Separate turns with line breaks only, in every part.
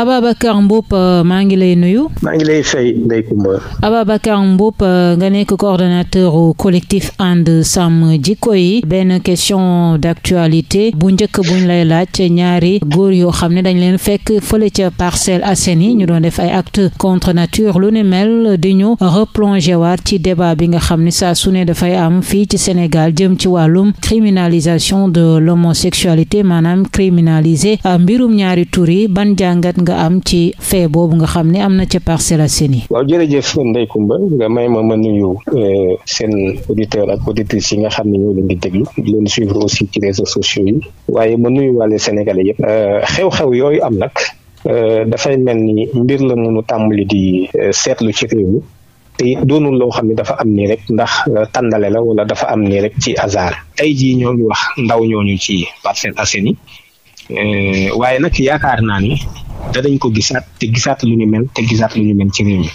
Ababacar Mboup euh, maa ngi lay nuyu.
maa ngi lay fay Ndeye
euh, nga nekk coordonnateur au collectif And Sàmm Jikko Yi benn question d'actualité bu njëkk buñ lay laaj ñaari góor yoo xam ne dañ leen fekk fële ca Parcelles Assainies ñu doon def ay acte contre nature lu ne mel di ñu replonger waat ci débat bi nga xam ne saa su ne dafay am fii ci Sénégal jëm ci wàllum criminalisation de l'homosexualité maanaam criminaliser euh, mbirum ñaari tur yi ban jàngat nga nga am ci fee boobu nga xam ne am na ca Parcelles Assainies.
waaw jërëjëf Ndeye Comba nga may ma ma nuyu euh, seen auditeurs ak auditrices yi nga xam ne ñoo leen di déglu di leen suivre aussi ci réseaux sociaux yi waaye ma nuyu waale Sénégalais yëpp euh, xew-xew yooyu am nag euh, dafay mel ni mbir la munu tàmbali di seetlu ci réew mi te it doonul loo xam ne dafa am nii rek ndax tàndale la wala dafa am nii rek ci hasard tey jii ñoo wax ndaw ñooñu ci Parcelles Assainies waaye nag yaakaar naa ni dañ ko gisaat te gisaat lu ñu mel te gisaat lu ñu mel ci réew mi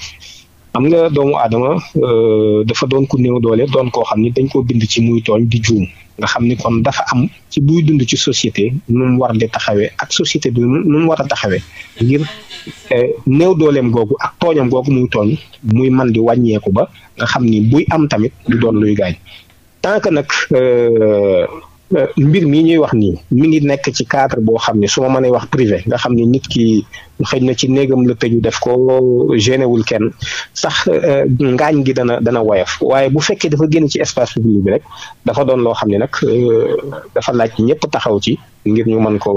am nga doomu aadama euh, dafa doon ku néew doole doon koo xam ni dañ koo bind ci muy tooñ di juum nga xam ni kon dafa am ci buy dund ci société nu mu war taxawee ak société bi nu mu a taxawee ngir euh, néew dooleem googu ak tooñam googu muy tooñ muy man di wàññeeku ba nga xam ni buy am tamit du doon luy gaañ tant que nag euh, Euh, mbir mii ñuy wax nii mi ngi nekk ci cadre boo xam ne su manee wax privé nga xam ne nit ki xëy na ci néegam la tëju def ko génnewul kenn sax euh, ngaañ gi dana dana woyof waaye bu fekkee dafa génn ci espace public bi rek dafa doon loo xam ni nag euh, dafa laaj ñëpp taxaw ci ngir ñu mën ko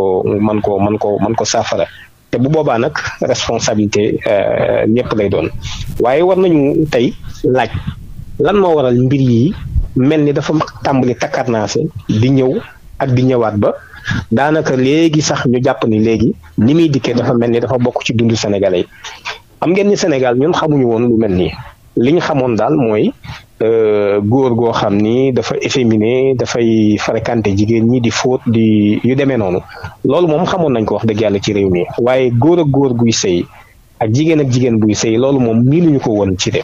mën ko mën ko mën ko saafara te bu boobaa nag responsabilité ñëpp lay doon waaye war nañu tey laaj lan moo waral mbir yi mel ni dafa tàmbali takkarnaase di ñëw ak di ñëwaat ba daanaka léegi sax ñu jàpp ni léegi ni muy dikkee dafa mel ni dafa bokk ci dundu Sénégalais yi am ngeen ni Sénégal ñun xamuñu woon lu mel nii li ñu xamoon daal mooy euh, góor goo xam ni dafa efféminé dafay fréquenté jigéen ñi di fóot di yu demee noonu loolu moom xamoon nañ ko wax dëgg yàlla ci réew mi waaye góor ak góor guy sëy ak jigéen ak jigéen buy sëy loolu moom miinuñu ko woon ci dem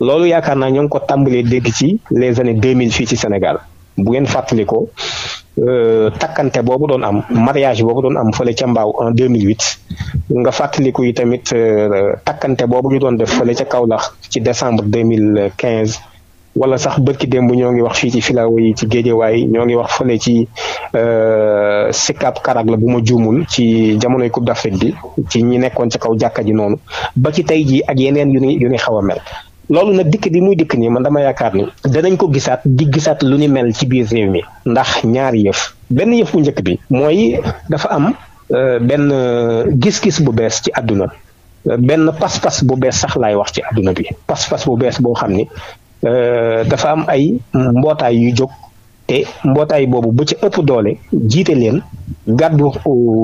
loolu yaakaar naa ñoo ngi ko tàmbalee dégg ci les années 2000 fii ci Sénégal bu ngeen fàttalikoo euh, takkante boobu doon am mariage boobu doon am fële ca Mbaaw en 2008 nga fàttaliku yi tamit euh, takkante boobu ñu doon def fële ca kaw lax ci décembre quinze wala sax bërki démb ñoo ngi wax fii ci filaw yi ci géejewaay ñoo ngi wax fële ci euh, Sicap Karag la bu ma juumul ci jamonoy Coupe d'Afrique bi ci ñi nekkoon ci kaw jàkka ji noonu ba ci tey jii ak yeneen yu ni xaw a mel loolu nag dikk di muy dikk nii man dama yaakaar ni danañ ko gisaat di gisaat lu ni mel ci biir réew mi ndax ñaari yëf benn yëf bu njëkk bi mooy dafa am euh, benn euh, gis-gis bu bees ci àdduna euh, benn pas-pas bu bees sax laay wax ci àdduna bi pas-pas bu bees boo xam ni dafa am ay mbootaay yu jóg te mbootaay boobu bu ci ëpp doole jiite leen gàddu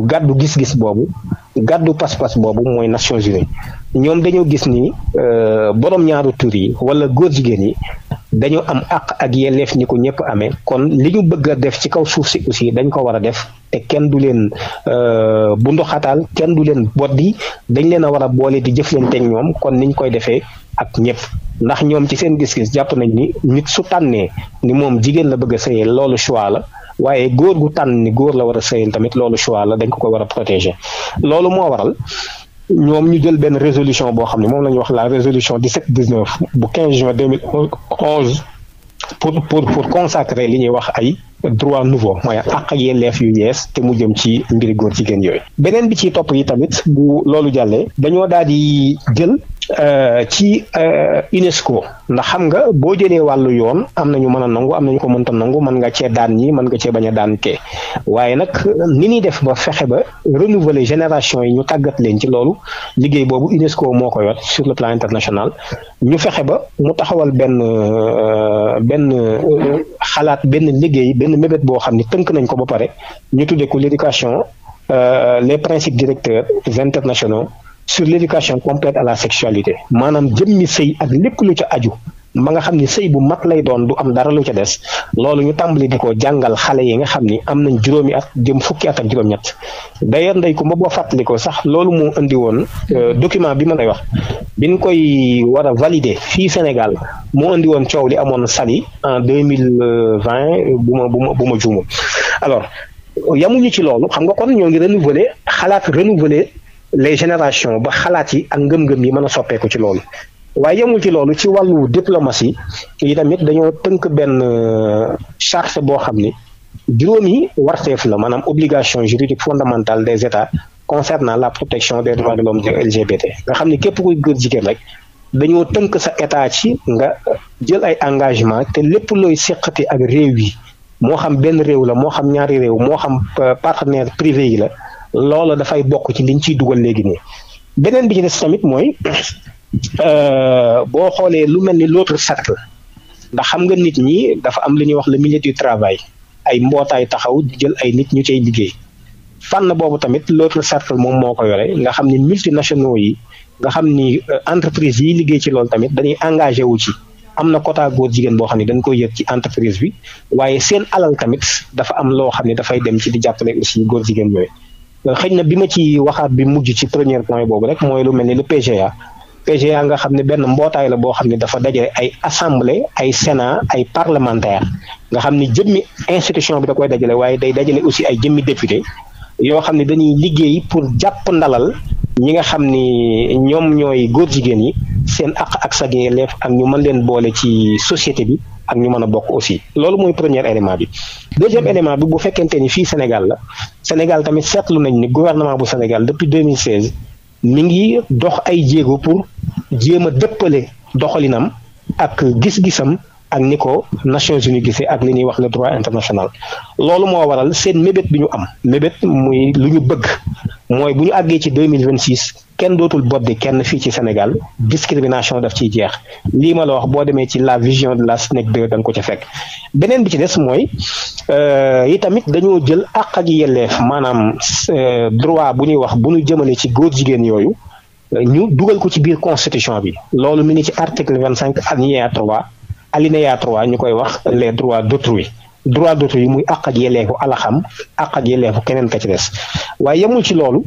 gàddu gis-gis boobu gàddu pas-pas boobu mooy Nations Unies ñoom dañoo gis ni euh, borom ñaaru tur yi wala góor jigéen yi dañoo am àq ak yelleef ñi ko ñëpp amee kon li ñu bëgg a def ci kaw suuf si aussi dañ ko war a def te kenn du leen euh, bu ndoxataal kenn du leen boddi dañ leen a war a boole di jëf jëflante ak ñoom kon niñ koy defee ak ñëpp. ndax ñoom ci seen gis-gis jàpp nañ ni nit su tànnee ni moom jigéen la bëgg a sëyee loolu choix la waaye góor gu tànn ni góor la war a sëyal tamit loolu choix la dañ ko ko war a protéger loolu moo waral ñoom ñu jël benn résolution boo xam ne moom la ñu wax la résolution 17 19 bu 15 juin 2011 pour pour pour consacrer li ñuy wax ay droit nouveau mooy àq ak yelleef yu yees te mu jëm ci mbiri góor jigéen yooyu beneen bi ci topp yi tamit bu loolu jàllee dañoo di jël Euh, ci euh, UNESCO ndax xam nga boo jëlee wàllu yoon am na ñu mën a nangu am na ñu ko mënta nangu mën nga cee daan ñi mën nga cee bañ a daan kee waaye nag ni ñuy def ba fexe ba renouveler génération yi ñu tàggat leen ci loolu liggéey boobu UNESCO moo ko yor sur le plan international ñu fexe ba mu taxawal benn euh, benn xalaat benn liggéey benn mébét boo xam ni tënk nañ ko ba pare ñu tuddee ko l'éducation les principes directeurs internationaux sur l'éducation complète à la sexualité maanaam jëmmi sëy ak lépp lu ca aju ma nga xam ni sëy bu mat lay doon du am dara lu ca des loolu ñu tàmbali di ko jàngal xale yi nga xam ni am nañ juróomi at jëm fukki at ak juróom-ñett d'ailleurs ndey ko ma boo fàttalikoo sax loolu moo indi woon euh, mm-hmm. document bi ma lay wax bi biñ koy war a valider fii Sénégal moo indi woon coow li amoon Saly en deux mille vingt bu ma bu ma bu ma juumul alors ci loolu xam nga kon ñoo les générations ba xalaat yi ak ngëm-ngëm yi man a soppeeku ci loolu waaye yemul ci loolu ci wàllu diplomatie yi tamit dañoo tënk benn euh, charte boo xam ni juróomi warteef la maanaam obligation juridique fondamentale des états concernant la protection des droits de LGBT nga xam ni képp koy góor jigéen rek dañoo tënk sa état ci nga jël ay engagement te lépp looy seqati ak réew yi moo xam benn réew la moo xam ñaari réew moo xam euh, partenaire privé yi la loola dafay bokk ci liñ ciy dugal léegi nii beneen bi ci des tamit mooy euh, boo xoolee lu mel ni l'autre cercle ndax xam nga nit ñi dafa am lu ñuy wax le milieu du travail ay mbootaay taxaw di jël ay nit ñu cay liggéey fànn boobu tamit l'autre cercle moom moo ko yore nga xam ni multinationaux yi nga xam ni euh, entreprise yiy liggéey ci loolu tamit dañuy engagé wu ci am na quota góor jigéen boo xam ne dañ koy yër ci entreprise bi waaye seen alal tamit dafa am loo xam ne dafay dem ci di jàppale aussi góor jigéen ñooy Euh, xëy na bi ma ci waxaat bi mujj ci premier point boobu rek mooy lu mel ni le PGA PGA nga xam ne benn mbootaay la boo xam ne dafa dajale ay assemblée ay sénat ay parlementaire nga xam ni jëmmi institution bi da koy dajale waaye day dajale aussi ay jëmmi député yoo xam ne dañuy liggéey pour jàpp ndalal ñi nga xam ni ñoom ñooy góor jigéen yi seen aq ak sa yelleef ak ñu mën leen boole ci société bi ak ñu mën a bokk aussi loolu mooy premier élément bi. deuxième mm-hmm. élément bi bu fekkente ni fii Sénégal la Sénégal tamit seetlu nañ ni gouvernement bu Sénégal depuis 2016 mi ngi dox ay jéego pour jéem a dëppale doxalinam ak gis-gisam. ak ni ko Nations Unies gisee ak li ñuy wax le droit international loolu moo waral seen mébét bi ñu am mébét muy lu ñu bëgg mooy bu ñu àggee ci deux mille vingt six kenn dootul boddi kenn fii ci Sénégal discrimination def ciy jeex lii ma la wax boo demee ci la vision de la SNEC 2 da ko ca fekk beneen bi ci des mooy euh, yi tamit dañoo jël àq ak yelleef maanaam euh, droit bu ñuy wax bu ñu jëmalee ci góor jigéen yooyu ñu dugal ko ci biir constitution bi loolu mi ngi ci article vingt cinq alinéa trois alinéa 3 ñu koy wax les droits d'autrui droit yi muy àq ak yelleefu alaxam àq ak yelleefu keneen ka ci des waaye yemul ci loolu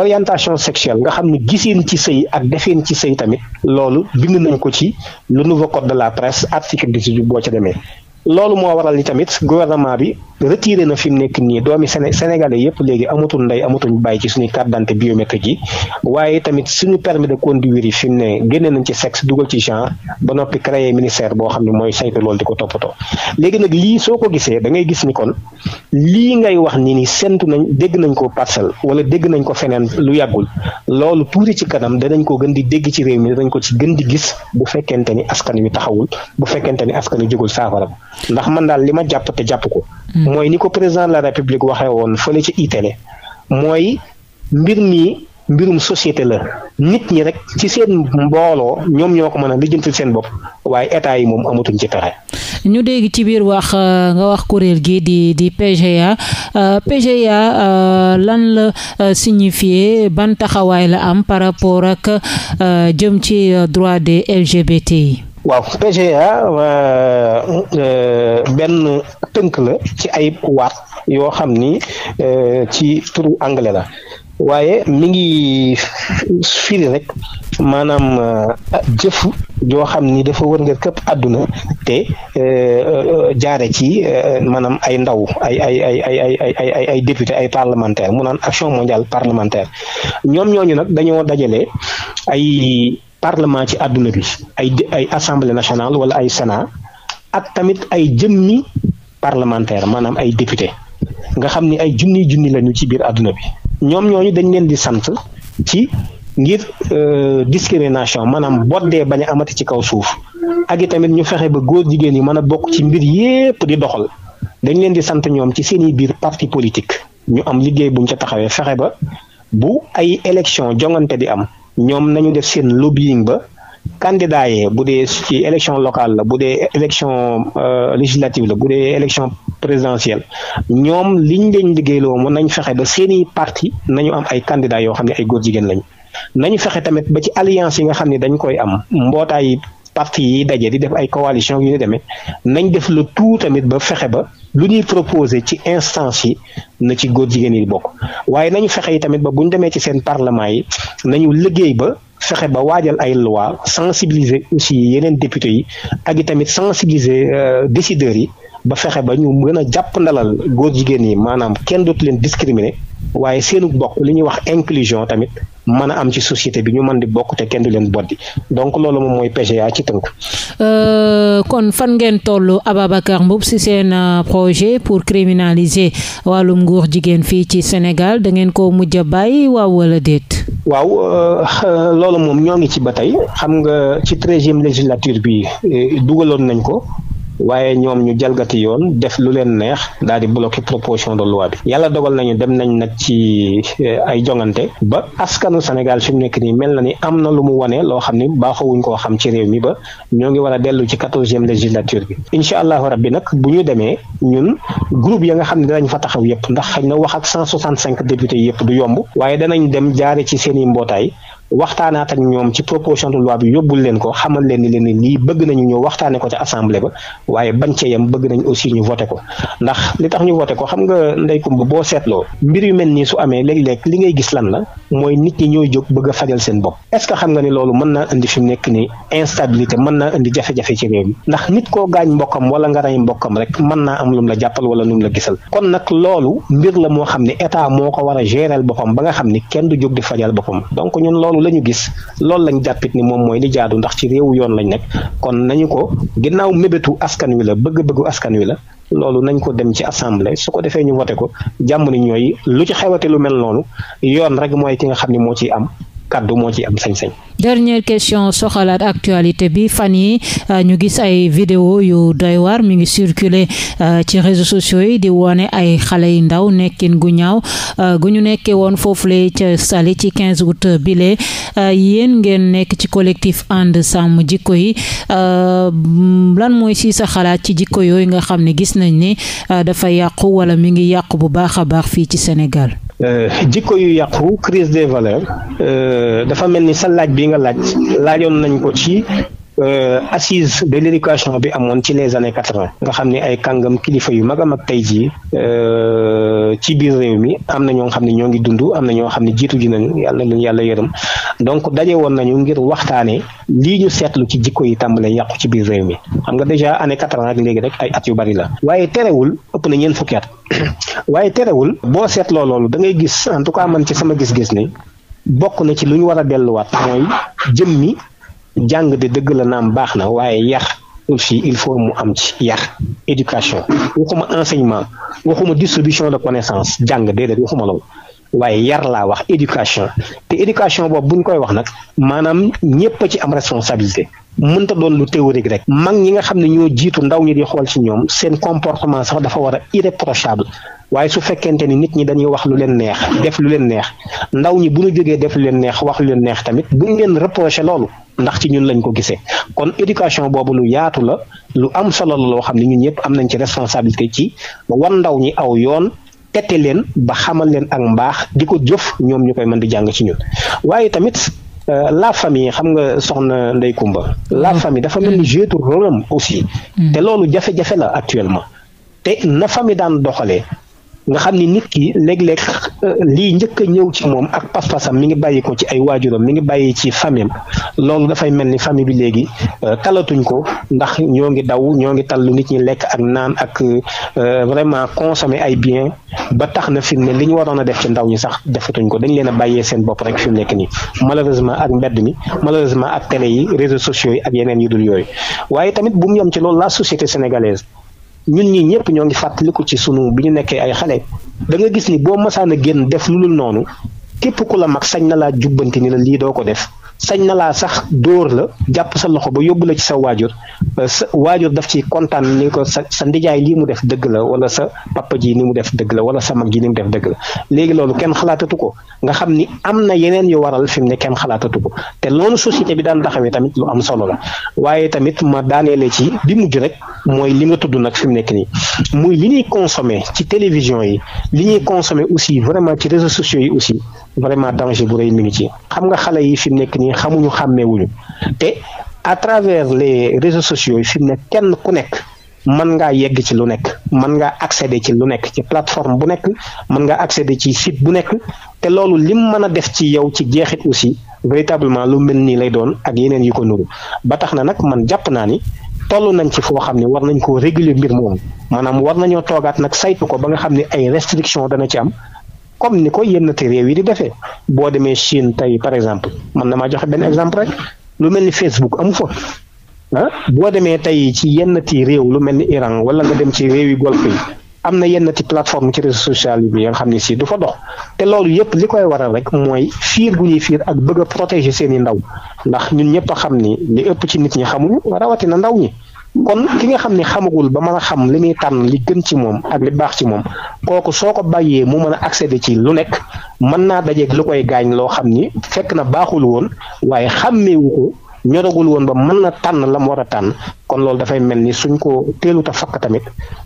orientation sexuelle nga xam ne giseen ci sëy ak defeen ci sëy tamit loolu bind nañ ko ci le nouveau code de la presse article si boo ca demee loolu moo waral li tamit gouvernement bi retiré na fi mu nekk nii doomi Séné sénégalais yëpp léegi amatul ndey amatuñ bàyyi ci suñu carte d'identité biométrique yi waaye tamit suñu permis de conduire yi fi mu ne génne nañ ci sexe dugal ci genre ba noppi créé ministère boo xam ne mooy saytu loolu di ko toppatoo léegi nag lii soo ko gisee dangay gis ni kon lii ngay wax ni ni séntu nañ dégg nañ ko parcelle wala dégg nañ ko feneen lu yàggul loolu tuuti ci kanam danañ ko gën di dégg ci réew mi danañ ko ci gën di gis bu fekkente ni askan wi taxawul bu fekkente ni askan wi jógul saafara ndax man daal li ma jàpp te jàpp ko. Hmm. mooy ni ko président de la république waxee woon fële ci itélé mooy mbir mi mbirum société la nit ñi rek ci seen mbooloo ñoom ñoo ko mën a lijjantil seen bopp waaye état yi moom amatuñ ci pexe.
ñu dégg ci biir wax euh, nga wax kuréel gi di di PGA euh, PGA euh, lan la signifié ban taxawaay la am par rapport ak jëm ci droit de LGBT
waaw PGA euh, euh, benn tënk la ci ay waat yoo xam ni euh, ci turu anglais la waaye mi ngi firi rek maanaam jëfu yoo xam ni dafa wërngër këpp adduna te jaare ci maanaam ay ndaw ay ay ay ay ay ay ay ay député ay parlementaire mu naan action mondiale parlementaire ñoom ñooñu nag dañoo dajale ay parlement ci àdduna bi ay ay assemblée nationale wala ay sénat ak tamit ay jëmmi parlementaire maanaam ay député nga xam ni ay junni junni lañu ci biir àdduna bi ñoom ñooñu dañ leen di sant ci ngir euh, discrimination maanaam boddee bañ a amati ci kaw suuf ak i tamit ñu fexe ba góor jigéen yi mën a bokk ci mbir yépp di doxal dañ leen di sant ñoom ci seeni biir parti politique ñu am liggéey buñ ca taxawee fexe ba bu ay élection jongante di am ñoom nañu def seen lobbying ba candidat yi bu dee ci élection locale la bu dee élection euh, législative la bu dee élection présidentielle ñoom liñ leen liggéeyloo moom nañ fexe ba seeni parti nañu am ay candidat yoo xam ne ay góor jigéen lañu nañu fexe tamit ba ci alliance yi nga xam ne dañ koy am mbootaay parti yi dajee di def ay coalition yu ñu demee nañ def le tout tamit ba fexe ba lu ñuy proposé ci instance yi na ci góor jigéen yi bokk waaye nañu fexe yi tamit ba bu ñu demee ci seen parlement yi nañu liggéey ba fexe ba waajal ay loi sensibiliser aussi yeneen député yi ak i tamit sensibiliser euh, décideurs yi ba fexe ba ñu gën a jàpp ndalal góor jigéen yi maanaam kenn dootu leen discriminer waaye seenu bokk li ñuy wax inclusion tamit mën a am ci société bi ñu mën di bokk te kenn du leen boddi donc loolu moom mooy PGA ci tënk.
Euh, kon fan ngeen toll Ababacar Mboup si seen euh, projet pour criminaliser wàllum nguur jigéen fii ci Sénégal da ngeen ko mujj a bàyyi waaw wala déet. waaw
euh, loolu moom ñoo ngi ci ba tey xam nga ci treizième législature bi dugaloon nañ ko. waaye ñoom ñu jalgati yoon def lu leen neex daal di bloqué proposition de loi bi yàlla dogal nañu dem nañ nag ci eh, ay jongante ba askanu Sénégal fi mu nekk nii mel na ni am na lu mu wane loo xam ni baaxoowuñ koo xam ci réew mi ba ñoo ngi war a dellu ci quatorzième législature bi incha allahu rabbi nag bu ñu demee ñun groupe ya nga xam ne danañ fa taxaw yëpp ndax xañ na wax ak cent soixante cinq députés yëpp du yomb waaye danañ dem jaare ci seeni mbootaay waxtaanaat ak ñoom ci proposition de loi bi yóbbul leen ko xamal leen ni leen ni lii bëgg nañu ñëw waxtaane ko ci assemblée ba waaye bañ cee yam bëgg nañ aussi ñu voté ko ndax li tax ñu voté ko xam nga ndey kumba boo seetloo mbir yu mel nii su amee léeg-léeg li ngay gis lan la mooy nit ñi ñooy jóg bëgg a seen bopp est-ce que xam nga ni loolu mën naa indi fi nekk ni instabilité mën naa indi jafe-jafe ci réew mi ndax nit koo gaañ mbokkam wala nga rey mbokkam rek mën naa am lum la jàppal wala lum la gisal kon nag loolu mbir la moo xam ne état moo ko war a gérer boppam ba nga xam ni kenn du jóg di fajal boppam la ñu gis loolu lañ jàppit ni moom mooy li jaadu ndax ci réewu yoon lañ nekk kon nañu ko ginnaaw mébétu askan wi la bëgg-bëggu askan wi la loolu nañ ko dem ci assemblée su ko defee ñu voté ko jàmm ni ñooy lu ci xewate lu mel noonu yoon rek mooy ki nga xam ni moo ciy am kàddu moo ci am sañ-sañ.
dernière question soxalaat actualité bi fan yi euh, ñu gis ay vidéo yu doy war mi ngi circuler euh, ci réseau sociaux yi di wone ay xale yu ndaw nekkin gu ñaaw euh, gu ñu nekkee woon foofu le ca sali ci 15 août bile yéen ngeen nekk ci collectif ànd sàmm jikko yi lan mooy si sa xalaat ci jikko yooyu nga xam ne gis nañ ni dafa yàqu wala mi ngi yàqu bu baax a baax fii ci senegal
Euh, jikko yu yàqu crise des valeurs euh, dafa mel ni sa laaj bi nga laaj laajoon nañ ko ci Euh, assise de l'éducation bi amoon ci les années quatre-vingt nga xam ne ay kàngam kilifa yu mag a mag tey jii euh, ci biir réew mi am na ñoo xam ne ñoo ngi dund am na ñoo xam ne jiitu ji nañu yàlla leen yàlla yërëm donc daje woon nañu ngir waxtaanee lii ñu seetlu ci jikko yi tàmbalee yàqu ci biir réew mi xam nga déjà année quatre-vingt ak léegi rek ay at yu bari la waaye terewul ëpp na ñeent fukki at waaye terewul boo seetloo loolu da ngay gis en tout cas man ci sama gis-gis ni bokk na ci lu ñu war a delluwaat mooy jëmmi jàng de dëgg la naam baax na waaye yar aussi il faut mu am ci yar éducation waxuma enseignement waxuma distribution de connaissance jàng déedéet waxuma loolu waaye yar laa wax éducation te éducation boobu buñ koy wax nag maanaam ñépp a ci am responsabilité mënta doon lu théorique rek mag ñi nga xam ne ñoo jiitu ndaw ñi di xool ci ñoom seen comportement sax dafa war a irréprochable waaye su fekkente ni nit ñi dañuy wax lu leen neex def lu leen neex ndaw ñi bu ñu jógee def leen neex wax leen neex tamit buñ leen reproché loolu ndax ci ñun lañ ko gisee kon éducation boobu lu yaatu la lu am solo loo xam ne ñun ñëpp am nañ ci responsabilité ci wan ndaw ñi aw yoon tette leen ba xamal leen ak mbaax di ko jëf ñoom ñu koy man di jàng ci ñun waaye tamit euh, la famille xam nga soxna Ndeye Kumba la mm. famille dafa mel ni mm. jouer rôle am aussi mm. te loolu jafe-jafe la actuellement te na famille daan doxalee nga xam ni nit ki léeg-léeg lii njëkk a ñëw ci moom ak pas-pasam mi ngi bàyyi ci ay waajuram mi ngi bàyyi ci famille am loolu dafay mel ni famille bi léegi euh, talatuñ ko ndax ñoo ngi daw ñoo ngi tal lu nit ñi lekk ak naan ak euh, vraiment consommer ay bien ba tax na fi mu ne li ñu waroon a def ci ndaw ñi sax defatuñ ko dañ leen a bàyyee seen bopp rek fi mu nekk nii malheureusement ak mbedd mi malheureusement ak télé yi réseaux sociaux yi ak yeneen yi dul yooyu waaye tamit bu mu yem ci loolu la ñun ñii ñëpp ñoo ngi fàttaliku ci sunu bi ñu nekkee ay xale da nga gis ni boo masaan a génn def lu lu noonu képp ku la mag sañ na laa jubbanti ni la lii doo ko def sañ na laa sax dóor la jàpp sa loxo ba yóbbu la ci sa waajur euh, sa waajur daf ci kontaan ni ko sa sa ndijaay lii mu def dëgg la wala sa papa ji ni mu def dëgg la wala sa mag ji ni mu la léegi loolu kenn xalaatatu ko nga xam ni am na yeneen yu waral fi mu ne kenn xalaatatu ko te loolu société bi daan taxawee tamit lu am solo la waaye tamit ma daaneele ci bi mujj rek mooy li nga tudd nag fi mu nekk nii muy li ñuy consommer ci télévision yi li ñuy consommer aussi vraiment ci réseaux sociaux yi aussi vraiment danger bu rëy mi ngi ci xam nga xale yi fi nekk nii xamuñu xàmmeewuñu te à travers les réseaux sociaux yi fi mu ne kenn ku nekk mën ngaa yegg ci lu nekk mën ngaa accéder ci lu nekk ci plateforme bu nekk mën ngaa accéder ci site bu nekk te loolu lim mën a def ci yow ci jeexit aussi véritablement lu mel nii lay doon ak yeneen yi ko nuru ba tax na nag man jàpp naa ni toll nañ ci foo xam ne war nañ koo réguler mbir moomu maanaam war nañoo toogaat nag saytu ko ba nga xam ne ay restriction dana ci am comme ni ko yenn te réew yi di defee boo demee Chine tey par exemple man na maa joxe benn exemple rek lu mel ni Facebook amu fa ah boo demee tey ci yenn ti réew lu mel ni Iran wala nga dem ci réew yi golf yi am na yenn ti plateforme ci réseaux sociaux bi nga xam ne si du fa dox te loolu yëpp li koy waral rek mooy fiir gu ñuy fiir ak bëgg protéger seen i ndaw ndax ñun ñëpp a xam ni li ëpp ci nit ñi xamuñu rawatina ndaw ñi kon ki nga xam ne xamagul ba mën a xam li muy tànn li gën ci moom ak li baax ci moom kooku soo ko bàyyee mu mën a accéder ci lu nekk mën naa dajeeg lu koy gaañ loo xam ni fekk na baaxul woon waaye xàmmeewu ko ñoragul woon ba mën na tànn la mu war a tànn kon loolu dafay mel ni suñ ko teelut a fakk tamit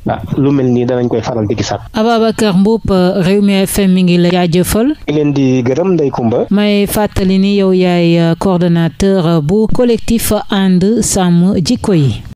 ah, lu mel nii danañ koy faral di gisaat.
Ababacar Mboup Rewmi FM mi ngi la jaajëfal.
di leen di gërëm Ndeye Comba.
may fàttali ni yow yaay coordonnateur bu collectif ànd sàmm jikko yi.